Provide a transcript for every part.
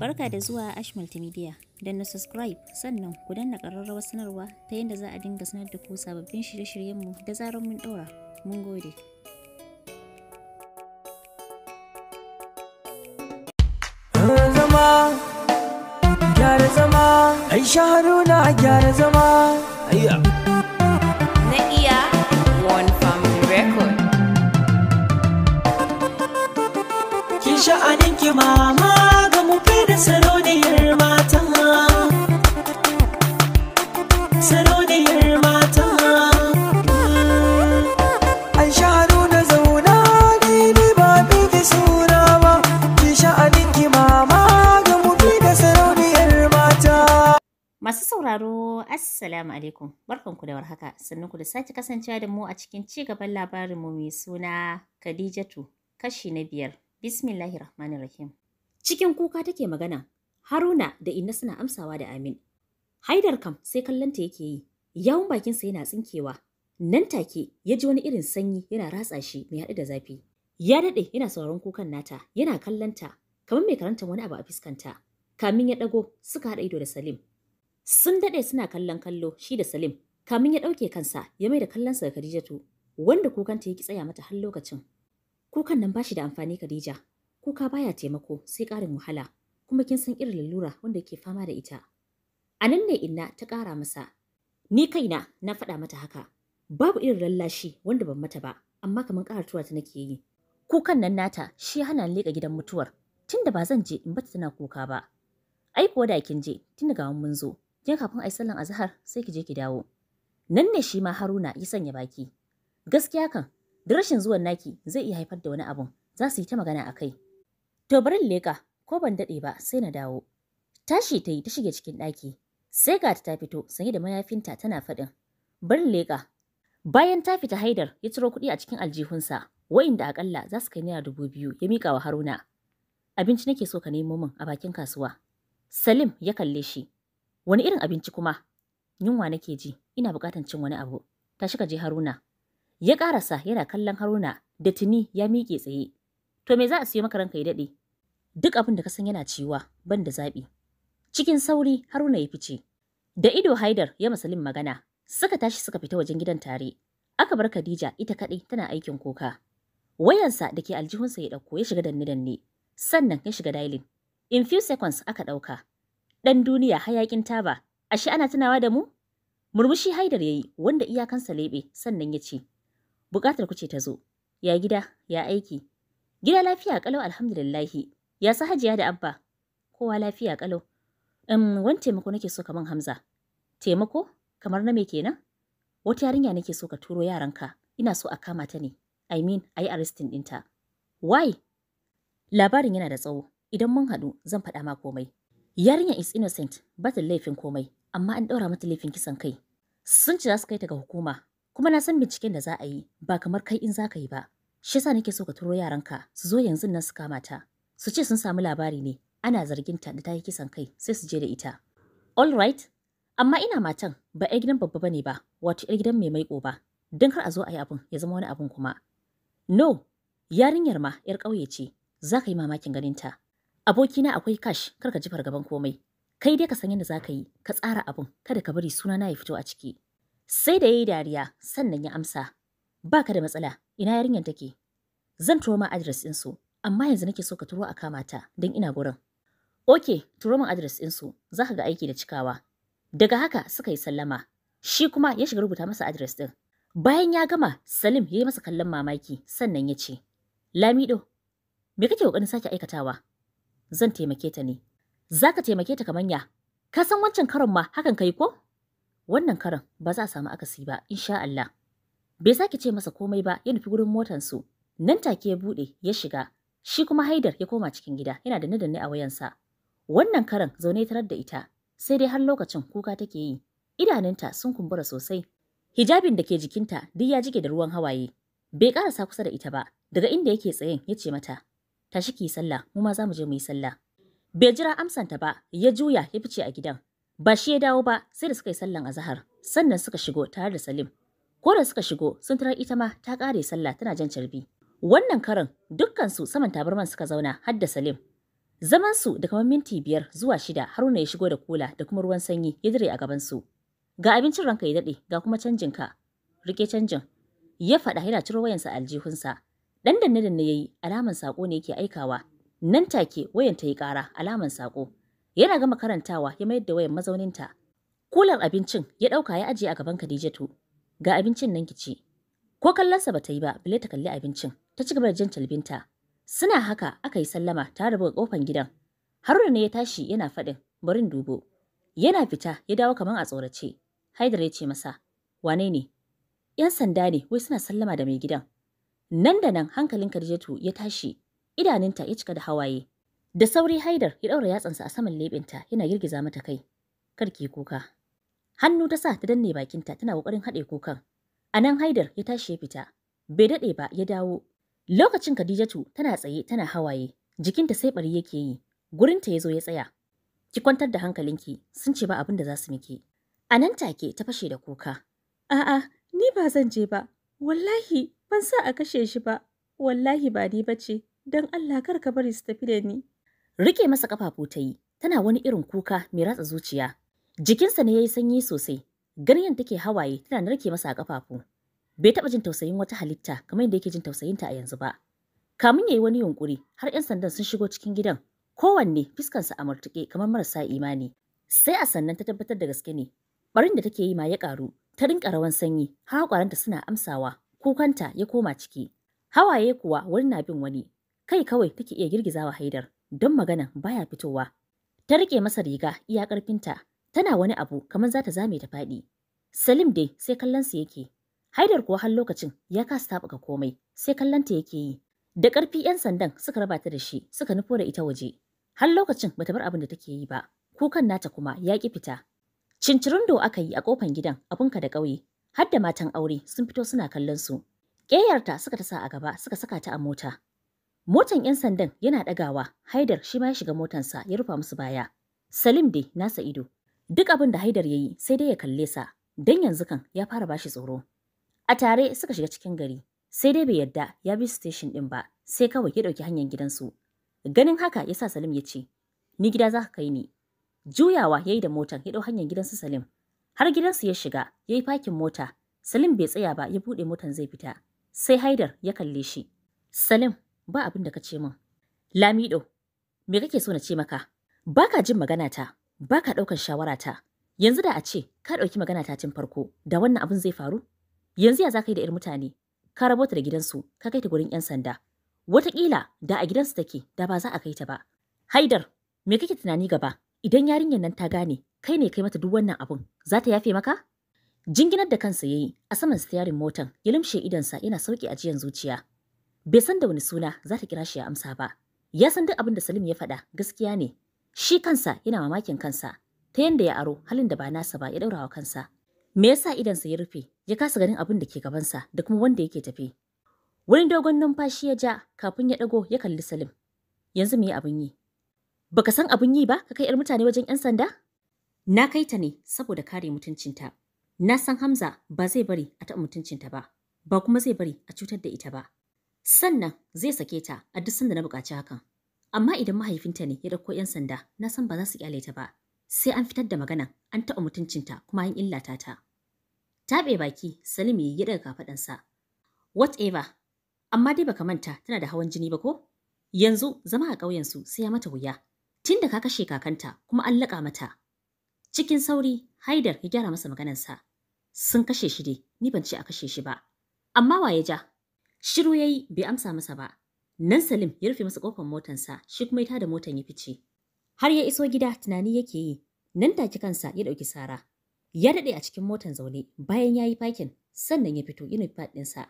Barka da zuwa Ash Multimedia. Don na subscribe sannan ku danna ƙararrawar sanarwa ta yadda za a dinga sanar da ku sababbin shirye-shiryenmu da zarar mun ɗora. Mun gode. Zama, gyara zama, gyara zama. Na iya One Family Record. Kin sha'aninki mama. sarauniyar mata sarauniyar mata an shaharu na zauna ni ba bi suna ba ki sha'anin ki mama ga mufi da sarauniyar mata masu sauraro assalamu alaikum ku da warhaka sannan ku da sake kasance da mu a cikin ci gaban mu mai suna Khadijatu kashi na biyar "Bismillahi rahim." Cikin kuka take magana, Haruna da Inna suna amsawa da Amin. Haidar kam sai kallonta yake yi, yawun bakinsa yana tsinkewa. Nan take ya ji wani irin sanyi yana ratsa shi mai haɗu da zafi. Ya daɗe yana sauraron kukan nata, yana kallonta, kamar mai karanta wani abu a fuskanta. Kamin ya ɗago suka haɗa ido da Salim. Sun daɗe suna kallon kallo shi da Salim, kamin ya ɗauke kansa ya mai da kallonsa ga Khadijatu, wanda kukanta ya ki tsaya mata har lokacin. Kukan nan ba shi da amfani Khadija, kuka baya taimako sai ƙarin wahala kuma kin san irin lalura wanda ke fama da ita a nan ne inna ta ƙara masa ni kaina na faɗa mata haka babu irin lallashi wanda ban mata ba amma kamar ƙara ta nake yi kukan nan nata shi hana leƙa gidan mutuwar tunda ba zan je in bata tana kuka ba ai ko da kin je tunda ga mun zo kin kafin ai sallan azhar sai ki je ki dawo nan ne shi ma Haruna ya sanya baki gaskiya kan da rashin zuwan naki zai iya haifar da wani abun za su yi ta magana a kai To barin leka, ko ban daɗe ba sai na dawo. Tashi ta yi ta shige cikin ɗaki. Sai ga ta fito sanye da mayafinta tana faɗin. Barin leka. Bayan ta fita haidar ya ciro kuɗi a cikin aljihunsa, wa'inda akalla za su kai naira dubu biyu ya miƙa wa Haruna. Abinci nake so ka nemo min a bakin kasuwa. Salim ya kalle shi. Wani irin abinci kuma? Yunwa nake ji, ina buƙatan cin wani abu. Tashi ka je Haruna. Ya ƙarasa yana kallon Haruna da tuni ya miƙe tsaye. To me za a siyo maka ya daɗe? Duk abin da ka san yana ciwa, ban da zaɓi. Cikin sauri Haruna ya fice. Da ido Haidar ya masalin magana, suka tashi suka fita wajen gidan tare. Aka bar Khadija ita kaɗai tana aikin kuka. Wayansa da ke aljihunsa ya ɗauko ya shiga danne-danne, sannan ya shiga dailin. In few seconds aka ɗauka. Ɗan duniya hayaƙin taba, ashe ana tunawa da mu? Murmushi Haidar ya yi wanda iyakansa leɓe sannan ya ce, Buƙatar ku ce ta zo, ya gida, ya aiki. Gida lafiya ƙalau alhamdulillahi, Ya su Hajiya da Abba? Kowa lafiya kalau. Um, wani taimako nake so kamar Hamza. Taimako? Kamar na me kenan? Wata yarinya nake so ka turo yaranka. Ina so a kama ta ne. I mean, a arrestin ɗinta. Why? Labarin yana da tsawo. Idan mun haɗu, zan faɗa ma komai. Yarinya is innocent, ba ta laifin komai, amma an ɗaura mata laifin kisan kai. Sun ci za su kai ta ga hukuma, kuma na san binciken da za a yi ba kamar kai in za ka yi ba. Shi yasa nake so ka turo yaranka su zo yanzu nan su kama ta. su ce sun samu labari ne ana zarginta da ta yi kisan kai sai su je da ita all right amma ina matan ba 'yar gidan babba bane ba wato 'yar gidan mai maiko ba don kar a zo a yi abin ya zama wani abin kuma no yarinyar ma 'yar ƙauye ce za ka yi mamakin ganinta abokina akwai kash kar ka ji fargaban komai kai dai ka san yadda za ka yi ka tsara abin kada ka bari suna na ya fito a ciki sai da yayi dariya sannan ya amsa baka da matsala ina yarinyar take zan turo ma adres su. amma yanzu nake so ka turo a kamata ta don ina gurin. ok turo min adres ɗinsu, za ka ga aiki da cikawa. Daga haka suka yi sallama, shi kuma ya shiga rubuta masa adres ɗin. Bayan ya gama, Salim ya yi masa kallon mamaki sannan ya ce, Lamido, me kake ƙoƙarin sake aikatawa? Zan taimake ta ne. Za ka taimake ta kamanya. Ka san wancan karon ma hakan ka yi ko? Wannan karon ba za a samu akasi ba, insha Allah. Bai sake ce masa komai ba ya nufi gurin motansu. Nan take ya buɗe ya shiga Shi kuma Haidar ya koma cikin gida yana da nadanne a wayansa. Wannan karan zaune tarar da ita, sai dai har lokacin kuka take yi. Idanunta sun kumbura sosai. Hijabin da ke jikinta duk ya jike da ruwan hawaye. Bai karasa kusa da ita ba, daga inda yake tsayen ya ce mata, Tashi ki sallah, mu ma za mu je mu yi sallah. Bai jira amsanta ba, ya juya ya fice a gidan. Ba shi ya dawo ba sai da suka yi sallan azahar, sannan suka shigo tare da Salim. Ko da suka shigo, sun tarar ita ma ta kare sallah tana jan carbi. Wannan karan dukkansu saman tabarman suka zauna har da Salim. Zamansu da kamar minti biyar zuwa shida Haruna ya shigo da kula da kuma ruwan sanyi ya dire a gabansu. Ga abincin ranka ya daɗe ga kuma canjin ka. Rike canjin. Ya faɗa yana ciro wayansa aljihunsa. Dan danne danne yi alaman sako ne yake aikawa. Nan take wayan ta yi ƙara alaman sako. Yana gama karantawa ya mayar da wayan mazauninta. Kular abincin ya ɗauka ya ajiye a gaban Khadijatu. Ga abincin nan ki ci. Ko kallonsa bata yi ba, bile ta kalli abincin, ta ci gaba da jan talbinta. Suna haka aka yi sallama ta buga kofan gidan. Haruna ne ya tashi yana faɗin, barin dubo. Yana fita ya dawo kaman a tsorace. Haidar ya ce masa, wane ne? ‘Yan sanda ne wai suna sallama da mai gidan. Nan da nan hankalin karjetu ya tashi, Idaninta ya cika da hawaye. Da sauri Haidar ya ɗaura yatsansa a saman lebinta yana girgiza mata kai. Karki kuka. Hannu ta sa ta danne bakinta tana kokarin haɗe kukan. A nan Haidar ya tashi ya fita. Bai daɗe ba ya dawo. Lokacin Khadijatu tana tsaye tana hawaye, jikinta sai ɓari yake yi. Gurinta ya zo ya tsaya. Ki kwantar da hankalinki, sun ce ba abin da za su miki. A nan take ta fashe da kuka. A'a, ni ba zan je ba. Wallahi, ban sa a kashe shi ba. Wallahi ba ni bace. Don Allah kar ka bari su tafi da ni. Rike masa kafafu ta yi, tana wani irin kuka mai ratsa zuciya. Jikinsa ne ya yi sanyi sosai, Ganyen take hawaye tana narke masa a ƙafafu. Bai taɓa jin tausayin wata halitta kamar yadda yake jin tausayinta a yanzu ba. Kamun ya yi wani yunƙuri har 'yan sandan sun shigo cikin gidan kowanne fiskansa a murtuƙe kamar marasa imani. Sai a sannan ta tabbatar da gaske ne. Barin da take yi ma ya ƙaru, ta rinka rawan sanyi har kwaranta suna amsawa, kukanta ya koma ciki. Hawaye kuwa wani na bin wani, kai kawai take iya girgizawa haidar don magana baya fitowa. Ta rike masa riga iya karfinta Tana wani abu kamar za ta zame ta faɗi. Salim dai sai kallonsa yake. Haidar kuwa har lokacin ya kasa taɓuka komai sai kallonta yake yi. Da ƙarfi 'yan sandan suka raba ta da shi suka nufo da ita waje. Har lokacin bata bar abin da take yi ba. Kukan nata kuma ya ƙi fita. Cincirindo aka yi a ƙofan gidan abunka da ƙauye. Har da matan aure sun fito suna kallon su. Ƙeyarta suka ta sa a gaba suka saka ta a mota. Motan 'yan sandan yana ɗagawa, Haidar shi ma ya shiga motansa ya rufa musu baya. Salim dai nasa ido Duk abin da Haidar ya yi sai dai ya kalle sa, don yanzu kan ya fara bashi tsoro. A tare suka shiga cikin gari, sai dai bai yarda ya bi station ɗin ba, sai kawai ya ɗauki hanyar gidansu. Ganin haka ya sa Salim ya ce, Ni gida za ka kai ni. Juyawa ya yi da motar ya ɗau hanyar gidansu Salim. Har gidansu ya shiga, ya yi fakin mota. Salim bai tsaya ba ya buɗe motar zai fita. Sai Haidar ya kalle shi. Salim, ba abin da ka ce min. Lamido, me kake so na ce maka? Baka jin magana ta. ba ka ɗaukar shawarata. Yanzu da a ce ka ɗauki magana ta tun farko da wannan abin zai faru? Yanzu ya za ka yi da irin mutane? Ka rabo ta da gidansu, ka kai ta gurin 'yan sanda. Wataƙila da a gidansu take da ba za a kai ta ba. Haidar, me kake tunani gaba? Idan yarinyar nan ta gane, kai ne kai mata duk wannan abun, za ta yafe maka? Jinginar da kansa ya yi a saman siyarin motan ya lumshe sa yana sauki ajiyan zuciya. Bai san da wani suna za ta kira shi ya amsa ba. Ya san duk abin da Salim ya faɗa gaskiya ne Shi kansa yana mamakin kansa ta yanda ya aro halin da ba nasa ba ya daura kansa. Me yasa idan sa ya rufe ya kasa ganin abin da ke gabansa da kuma wanda yake tafi. Wani dogon numfashi ya ja kafin ya dago ya kalli Salim. Yanzu me abin yi? Baka san abin yi ba ka kai 'yar mutane wajen 'yan sanda? Na kai ta ne saboda kare mutuncinta. Na san Hamza ba zai bari a ta mutuncinta ba, ba kuma zai bari a cutar da ita ba. Sannan zai sake ta a duk sanda na bukaci hakan. Amma idan mahaifinta ne ya dauko 'yan sanda, na san ba za su kyale ta ba. Sai an fitar da magana, an taɓa mutuncinta kuma an illata ta. Taɓe baki, Salim ya daga kafaɗansa. Whatever, amma dai baka manta tana da hawan jini ba ko? Yanzu zama a ƙauyen su sai ya mata wuya. tinda ka kashe kakanta kuma an laƙa mata. Cikin sauri, Haidar ya gyara masa maganarsa. Sun kashe shi dai, ni ban ce a kashe shi ba. Amma wa ya ja? Shiru ya yi bai amsa masa ba, Nan Salim ya rufe masa kofar motarsa shi kuma ya tada motan ya fice. Har ya iso gida tunani yake yi, nan take kansa ya ɗauki Sara. Ya daɗe a cikin motar zaune bayan ya yi fakin, sannan ya fito yana faɗinsa.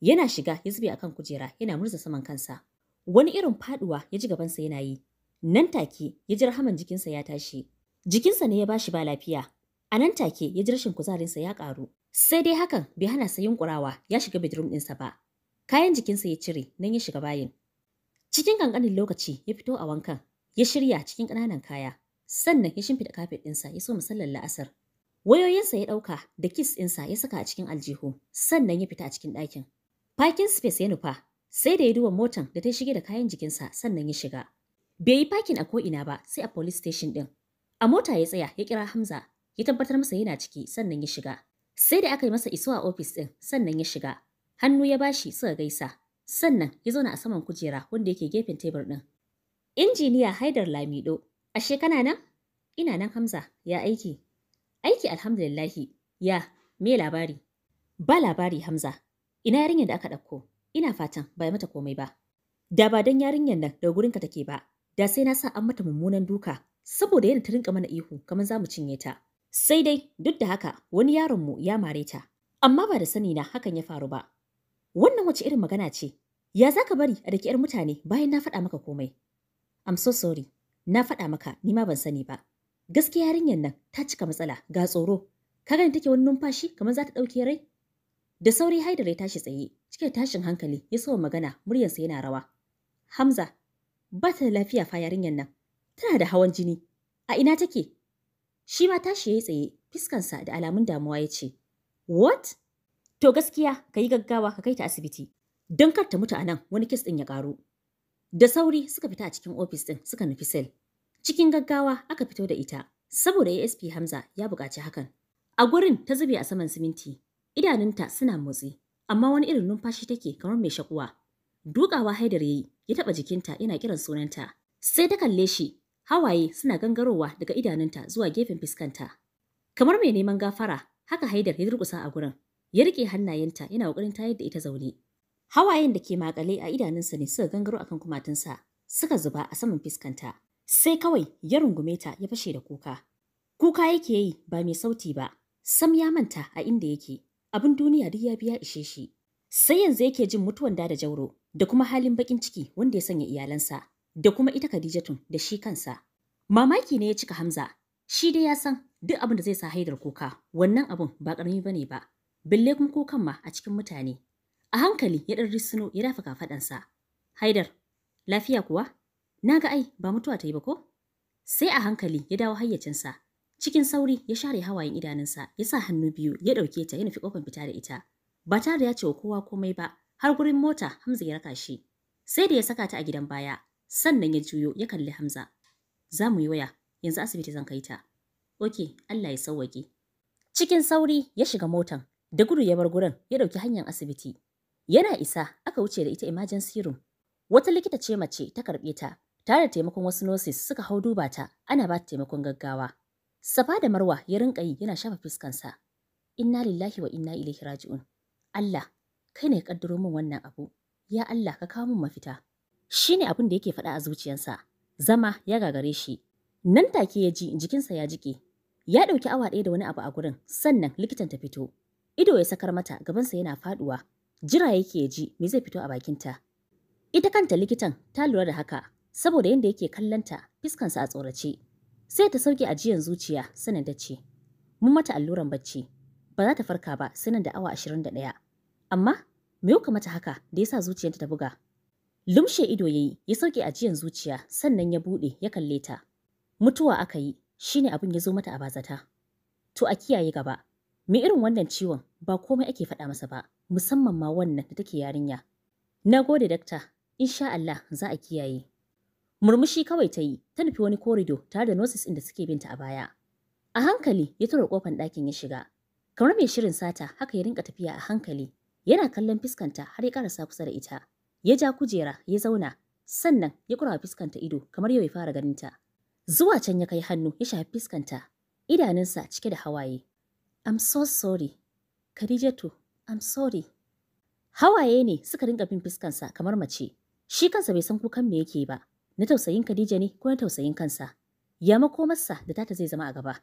Yana shiga ya zube akan kujera yana murza saman kansa. Wani irin faduwa ya ji gabansa yana yi. Nan take ya ji rahaman jikinsa ya tashi. Jikinsa ne ya bashi ba lafiya. A nan take ya ji rashin kuzarinsa ya ƙaru. Sai dai hakan bai hana sa yunkurawa ya shiga bedroom ɗinsa ba. Kayan jikinsa ya cire nan ya shiga bayin. Cikin ƙanƙanin lokaci ya fito a wankan, ya shirya cikin ƙananan kaya, sannan ya shimfiɗa kafet ɗinsa ya so musallar la'asar. Wayoyinsa ya ɗauka da kis ɗinsa ya saka a cikin aljihu, sannan ya fita a cikin ɗakin. Pakin space ya nufa, sai da ya duba motan da ta shige da kayan jikinsa sannan ya shiga. Bai yi parkin a ko'ina ba sai a police station ɗin. A mota ya tsaya ya kira Hamza, ya tabbatar masa yana ciki sannan ya shiga. Sai da aka yi masa iso a ofis ɗin sannan ya shiga. Hannu ya bashi suka gaisa. Sannan ya zauna a saman kujera wanda yake gefen tebur ɗin. Injiniya Haidar Lamido, ashe kana nan? Ina nan Hamza, ya aiki. Aiki alhamdulillahi, ya, me labari? Ba labari Hamza, ina yarinyar da aka ɗauko, ina fatan ba mata komai ba. Da ba don yarinyar nan daga gurinka take ba, da sai na sa an mata mummunan duka, saboda yana ta rinka mana ihu kamar za mu cinye ta. Sai dai, duk da haka, wani yaronmu ya mare ta, amma ba da sani na hakan ya faru ba, Wannan wace irin magana ce? Ya za ka bari a daki 'yar mutane bayan na faɗa maka komai? I'm so sorry. Na faɗa maka ni ma ban sani ba. Gaskiya yarinyar nan ta cika matsala ga tsoro. Ka gani take wani numfashi kamar za ta ɗauke rai? Da sauri Haidar ya tashi tsaye, cike tashin hankali ya sawa magana muryarsa yana rawa. Hamza, ba ta da lafiya fa yarinyar nan. Tana da hawan jini. A ina take? Shi ma tashi ya yi tsaye, fiskansa da alamun damuwa ya ce, What? To gaskiya ka yi gaggawa ka kai ta asibiti don kar ta mutu a nan wani kes ɗin ya ƙaru. Da sauri suka fita a cikin ofis ɗin suka nufi sel. Cikin gaggawa aka fito da ita saboda ASP Hamza ya buƙaci hakan. A gurin ta zube a saman siminti, idanunta suna motsi, amma wani irin numfashi take kamar mai shakuwa. Dukawa Haidar yayi, ya taɓa jikinta yana kiran sunanta. Sai ta kalle shi, hawaye suna gangarowa daga idanunta zuwa gefen fuskanta. Kamar mai neman gafara, haka Haidar ya durƙusa a gurin. ya riƙe hannayenta yana ƙoƙarin tayar da ita zaune. Hawayen da ke makale a idanunsa ne suka gangaro akan kumatunsa, suka zuba a saman fiskanta. Sai kawai ya rungume ta ya fashe da kuka. Kuka yake yi ba mai sauti ba, sam ya manta a inda yake, abin duniya duk ya biya ishe shi. Sai yanzu yake jin mutuwan da da jauro da kuma halin bakin ciki wanda ya sanya iyalansa da kuma ita Khadijatun da shi kansa. Mamaki ne ya cika Hamza, shi dai ya san duk abin da zai sa haidar kuka, wannan abun ba ƙarami bane ba. Bille kuma ko kanma ma a cikin mutane. A hankali ya ɗan risino ya dafa kafaɗansa. Haidar, lafiya kuwa? Na ga ai ba mutuwa ta yi ba ko? Sai a hankali ya dawo hayyacinsa. Cikin sauri ya share hawayen idanunsa ya sa hannu biyu ya ɗauke ta ya nufi ƙofar fita da ita. Ba tare da ya ce wa kowa komai ba har gurin mota Hamza ya raka shi. Sai da ya saka ta a gidan baya sannan ya juyo ya kalli Hamza. Za mu yi waya yanzu asibiti zan kai ta. Oke, Allah ya sauwaƙe. Cikin sauri ya shiga motan Da gudu ya bar gurin ya ɗauki hanyar asibiti. Yana isa aka wuce da ita emergency room. Wata likita ce mace ta karɓe ta tare da taimakon wasu nurses suka hau duba ta ana ba ta taimakon gaggawa. Safa da Marwa ya rinka yi yana shafa fuskansa. Inna lillahi wa inna ilaihi raji'un. Allah, kai ne ka kaddaro min wannan abu. Ya Allah, ka kawo min mafita. Shi ne abin da yake faɗa a zuciyarsa. Zama ya gagare shi. Nan take ya ji jikinsa ya jike. Ya ɗauki awa ɗaya da wani abu a gurin, sannan likitan ta fito. Ido ya sakar mata gabansa yana faduwa. Jira yake ji me zai fito a bakinta. Ita kanta likitan ta lura da haka saboda yanda yake kallanta fiskansa a tsorace. Sai ta sauke ajiyan zuciya sanin da ce. Mun mata alluran bacci. Ba za ta farka ba sanin da awa 21. Amma me yau mata haka da yasa zuciyarta ta buga? Lumshe ido yayi ya sauke ajiyan zuciya sannan ya bude ya kalle ta. Mutuwa aka yi shine abin ya zo mata a bazata. To a kiyaye gaba. Me irin wannan ciwon ba komai ake faɗa masa ba, musamman ma wannan da take yarinya. Na gode dakta, insha Allah za a kiyaye. Murmushi kawai ta yi, ta nufi wani korido tare da nosis inda suke binta a baya. A hankali ya tura kofan ɗakin ya shiga. Kamar mai shirin sata haka ya rinka tafiya a hankali, yana kallon fuskanta har ya karasa kusa da ita. Ya ja kujera, ya zauna, sannan ya kurawa fuskanta ido kamar yau ya fara ganinta. Zuwa can ya kai hannu ya shafi fuskanta, idanunsa cike da hawaye. I'm so sorry. Khadijatu, I'm sorry. Hawaye ne suka rinka bin fuskansa kamar mace. Shi kansa bai san kukan me yake ba. Na tausayin Khadija ne ko na tausayin kansa. Ya makomarsa da tata zai zama a gaba.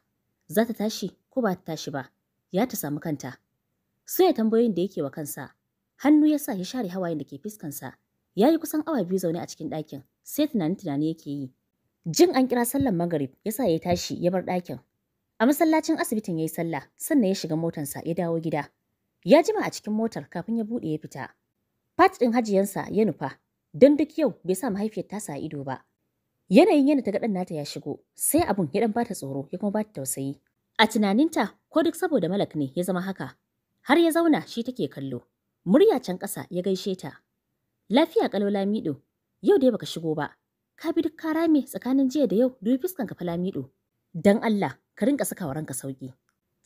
Za ta tashi ko ba ta tashi ba. Ya ta samu kanta. Sai ya tambayoyin da yake wa kansa. Hannu ya sa ya share hawayen da ke fuskansa. Ya yi kusan awa biyu zaune a cikin ɗakin. Sai tunani tunani yake yi. Jin an kira sallan magarib ya sa ya tashi ya bar ɗakin. A masallacin asibitin ya yi sallah, sannan ya shiga motarsa ya dawo gida. Ya jima a cikin motar kafin ya buɗe ya fita. fat ɗin hajiyansa ya nufa, don duk yau bai sa mahaifiyar tasa a ido ba. Yanayin yana ta gaɗan nata ya shigo, sai abun ya ɗan bata tsoro ya kuma bata tausayi. A tunaninta, ko duk saboda malak ne ya zama haka. Har ya zauna shi take kallo. Murya can ƙasa ya gaishe ta. Lafiya ƙalau Lamido, yau dai baka shigo ba. Ka bi duk kara me tsakanin jiya da yau dubi fuskanka kafa fa Lamido. Dan Allah, ka rinka saka wa ranka sauki.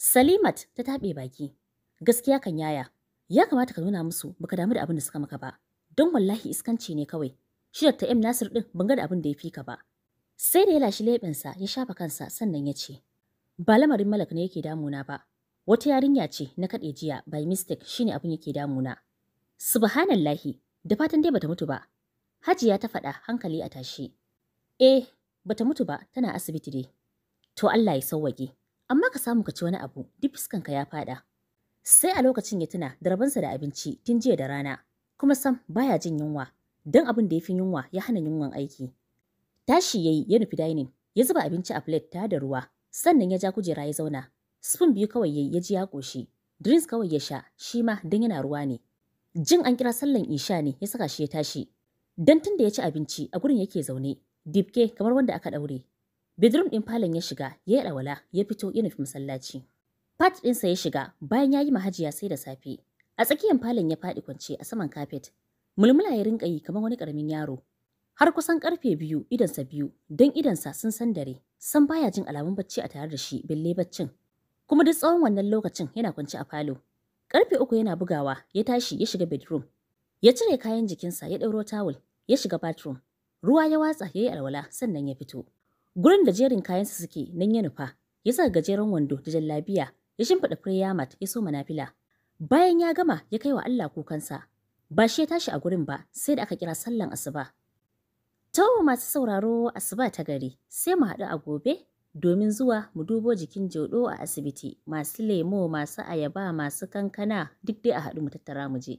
Salimat ta taɓe baki. Gaskiya kan yaya, ya kamata ka nuna musu baka damu da abin da suka maka ba. Don wallahi iskanci ne kawai. Shi M Nasir din ban ga da abin da ya fika ba. Sai da ya lashi sa ya shafa kansa sannan ya ce, Ba lamarin malak ne yake damuna ba. Wata yarinya ce na kaɗe jiya by mistake shine abin yake damuna. Subhanallahi, da fatan dai bata mutu ba. Hajiya ta faɗa hankali a tashi. Eh, bata mutu ba, tana asibiti dai. To Allah ya sauwage. Amma ka samu ka ci wani abu, duk fuskanka ya faɗa. Sai a lokacin ya tuna da rabansa da abinci tun jiya da rana, kuma sam baya jin yunwa, dan abin da ya fi yunwa ya hana yunwan aiki. Tashi yayi ya nufi dining, ya zuba abinci a plate ta da ruwa, sannan ya ja kujera ya zauna. Spoon biyu kawai yayi ya ji ya koshi drinks kawai ya sha, shi ma dan yana ruwa ne. Jin an kira sallan isha ne ya saka shi ya tashi. Dan tun da ya ci abinci a gurin yake zaune, dibke kamar wanda aka daure. Bedroom ɗin falon ya shiga, ya yi ɗawala, ya fito ya nufi masallaci. Pat ɗinsa ya shiga bayan ya yi mahajiya sai da safe. A tsakiyar falon ya faɗi kwance a saman kafet. Mulmula ya rinƙa yi kamar wani ƙaramin yaro. Har kusan ƙarfe biyu idansa biyu don idansa sun san dare, san baya jin alamun bacci a tare da shi belle baccin. Kuma duk tsawon wannan lokacin yana kwance a falo. Ƙarfe uku yana bugawa ya tashi ya shiga bedroom. Ya cire kayan jikinsa ya ɗauro tawul ya shiga bathroom. Ruwa ya watsa ya yi alwala sannan ya fito. Gurin da jerin kayan kayansa suke nan ya nufa, ya sa gajeren wando da jallabiya, ya shimfiɗa firyamat ya soma manafila. Bayan ya gama ya kai wa Allah kukansa, ba shi ya tashi a gurin ba sai da aka kira sallan asuba. To masu sauraro asuba ta gari sai mu haɗu a gobe domin zuwa mu dubo jikin jodo a asibiti masu lemo masu ayaba masu kankana duk dai a haɗu mu tattara mu je.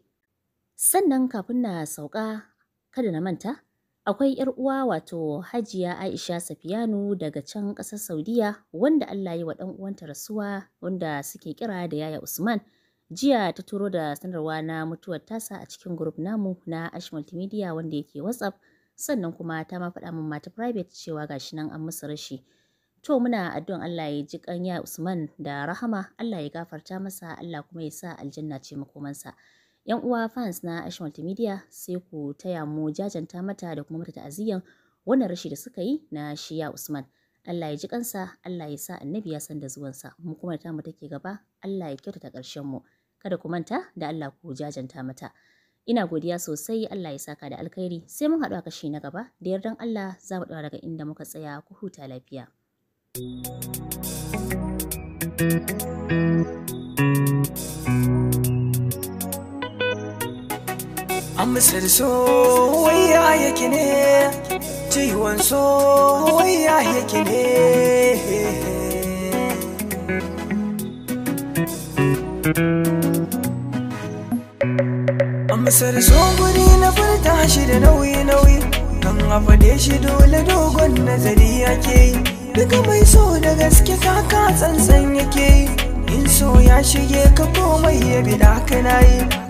Sannan kafin na sauka kada na manta Akwai 'yar uwa wato Hajiya Aisha Safiyanu daga can ƙasar Saudiya wanda Allah yi wa ɗan uwanta rasuwa wanda suke kira da Yaya Usman. Jiya ta turo da sanarwa na mutuwar tasa a cikin group namu na Ash Multimedia wanda yake WhatsApp sannan kuma ta ma faɗa min mata private cewa gashi nan an musu rashi. To muna addu'an Allah ya ji kan Yaya Usman da rahama, Allah ya gafarta masa, Allah kuma ya sa aljanna ce makomansa. 'Yan uwa fans na Ash Multimedia sai ku taya mu jajanta mata da kuma mata ta'aziyyan wannan rashi da suka yi na Shiya Usman. Allah ya ji kansa, Allah ya sa annabi ya san da zuwansa, mu kuma ta mu take gaba, Allah ya kyautata karshen mu. Kada ku manta da Allah ku jajanta mata. Ina godiya sosai Allah ya saka da alkhairi sai mun haɗu a kashi na gaba da yardan Allah za mu daga inda muka tsaya ku huta lafiya. Thank you. amsar so waya yake ne ciwon so waya yake ne amsar so guri na furta shi da nauyi-nauyi kan ne shi dole dogon nazari yake yi duka mai so da gaske kaka tsantsan yake yi in so ya shige ka komai ya bi da haka na yi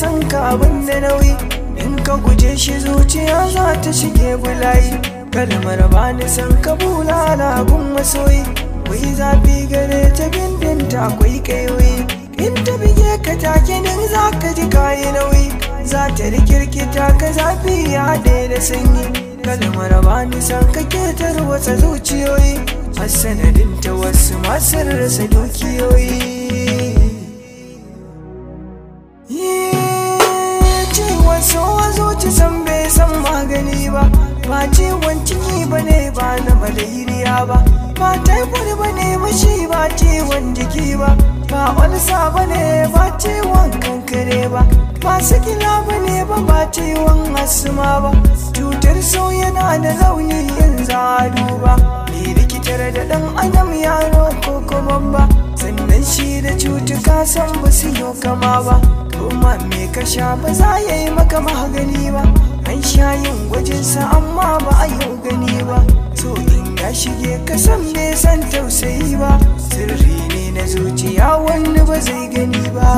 san ka abin da nauyi in ka guje shi zuciya za ta shige bulayi kalmar ba ni san ka bulala gun masoyi wai zafi gare ta gindin akwai kaiwoyi in ta bige ka take za ka ji kayi nauyi za ta rikirkita ka zafi ya da sanyi kalmar ba ni san ka ketar wasa zuciyoyi a sanadinta wasu masu rasa dukiyoyi ba ba kuri ba ne mashi ba ciwon jiki ba ba olsa ba ne ba ciwon kankare ba ba sikila ba ne ba ba ciwon asuma ba cutar so yana da launi yin zadu ba ni rikitar da dan adam yaro ko kuma ba sannan shi da cutuka san ba su yi kama ba kuma me kasha sha ba za ya yi maka magani ba an sha yin gwajinsa amma ba a yi gani ba so in shige shige kasan bai san tausayi ba sirri ne na zuciya wanda ba zai gani ba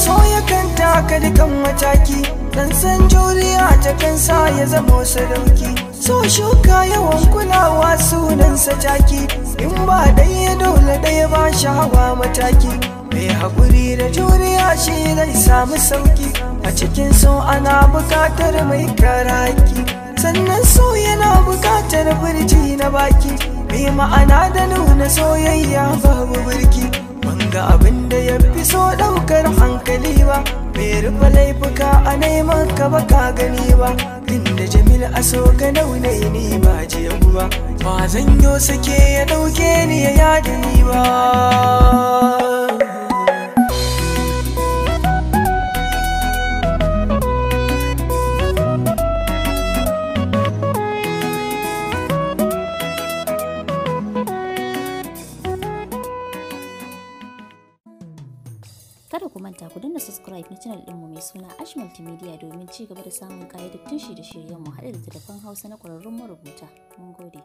so ya kanta ka mataki dan san juriya ta ya zama sadauki so shuka yawan kulawa sunansa jaki in ba ɗaya dole ɗaya ba shi hawa mataki mai haƙuri da juriya shi zai samu sauki a cikin so ana buƙatar mai karaki sannan so yana buƙatar birji na baki mai ma'ana da nuna soyayya babu birki Banga abin da ya fi so ɗaukar hankali ba bai rufe laifuka a neman ka ba ka gani ba da jamil so ga naune ni ba je ba ba zan yo sake ya dauke ni ya yada ni ba mai suna Ash Multimedia domin ci gaba da samun kayyadattun shirye mu haɗa da telefon Hausa na ƙwararrun marubuta. Mun gode.